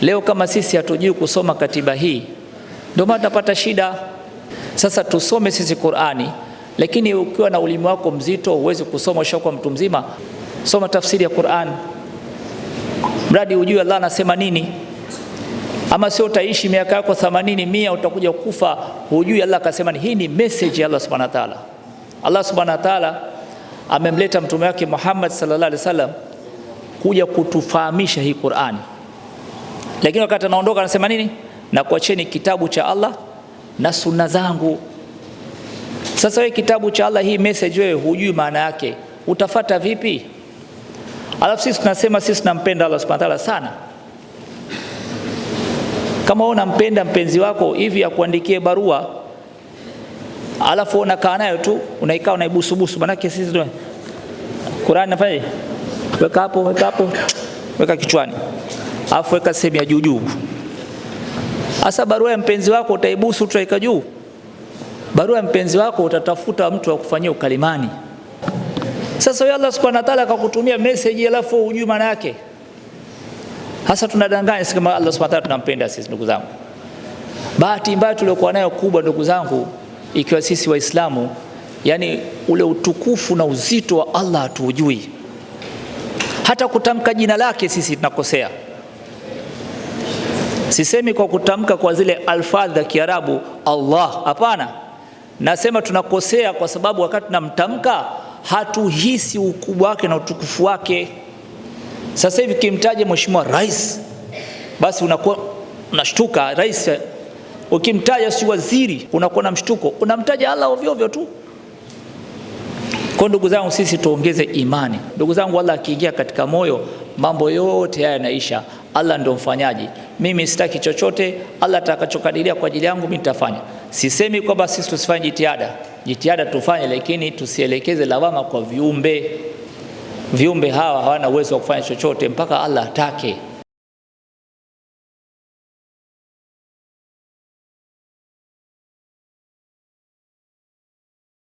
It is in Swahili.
Leo kama sisi hatujui kusoma katiba hii, ndio maana tunapata shida. Sasa tusome sisi Qur'ani, lakini ukiwa na ulimi wako mzito uweze kusoma, ushakuwa mtu mzima, soma tafsiri ya Qur'ani, mradi ujue Allah anasema nini. Ama sio, utaishi miaka yako 80 100, utakuja kufa hujui Allah akasema Hii ni message ya Allah subhanahu wa ta'ala. Allah subhanahu wa ta'ala amemleta mtume wake Muhammad sallallahu alaihi wasallam kuja kutufahamisha hii Qur'ani. Lakini wakati anaondoka anasema nini? Na kuacheni kitabu cha Allah na sunna zangu. Sasa wewe kitabu cha Allah, hii message wewe hujui maana yake, utafata vipi? Alafu sisi tunasema sisi tunampenda Allah subhanahu wa ta'ala sana. Kama wewe unampenda mpenzi wako hivi akuandikie barua, alafu unakaa nayo tu, unaikaa unaibusubusu, manake sisi Qur'an nafanya weka hapo, weka hapo, weka kichwani afu weka sehemu ya juu juu. Hasa barua ya mpenzi wako utaibusu, utaweka juu. Barua ya mpenzi wako utatafuta mtu akufanyia ukalimani. Sasa wewe Allah subhanahu wa ta'ala akakutumia message alafu hujui maana yake. Hasa tunadanganya sisi kama Allah subhanahu wa ta'ala tunampenda sisi ndugu zangu. Bahati mbaya tuliokuwa nayo kubwa ndugu zangu, ikiwa sisi Waislamu, yani ule utukufu na uzito wa Allah hatuujui. Hata kutamka jina lake sisi tunakosea. Sisemi kwa kutamka kwa zile alfadhi za Kiarabu Allah, hapana. Nasema tunakosea kwa sababu wakati tunamtamka hatuhisi ukubwa wake na utukufu wake. Sasa hivi kimtaja mheshimiwa rais, basi unakuwa unashtuka rais. Ukimtaja si waziri, unakuwa na mshtuko. Unamtaja Allah ovyo ovyo tu. Kwa ndugu zangu, sisi tuongeze imani. Ndugu zangu, Allah akiingia katika moyo, mambo yote haya yanaisha. Allah ndio mfanyaji. Mimi sitaki chochote, Allah atakachokadiria kwa ajili yangu mimi nitafanya. Sisemi kwamba sisi tusifanye jitihada, jitihada tufanye, lakini tusielekeze lawama kwa viumbe. Viumbe hawa hawana uwezo wa kufanya chochote mpaka Allah atake.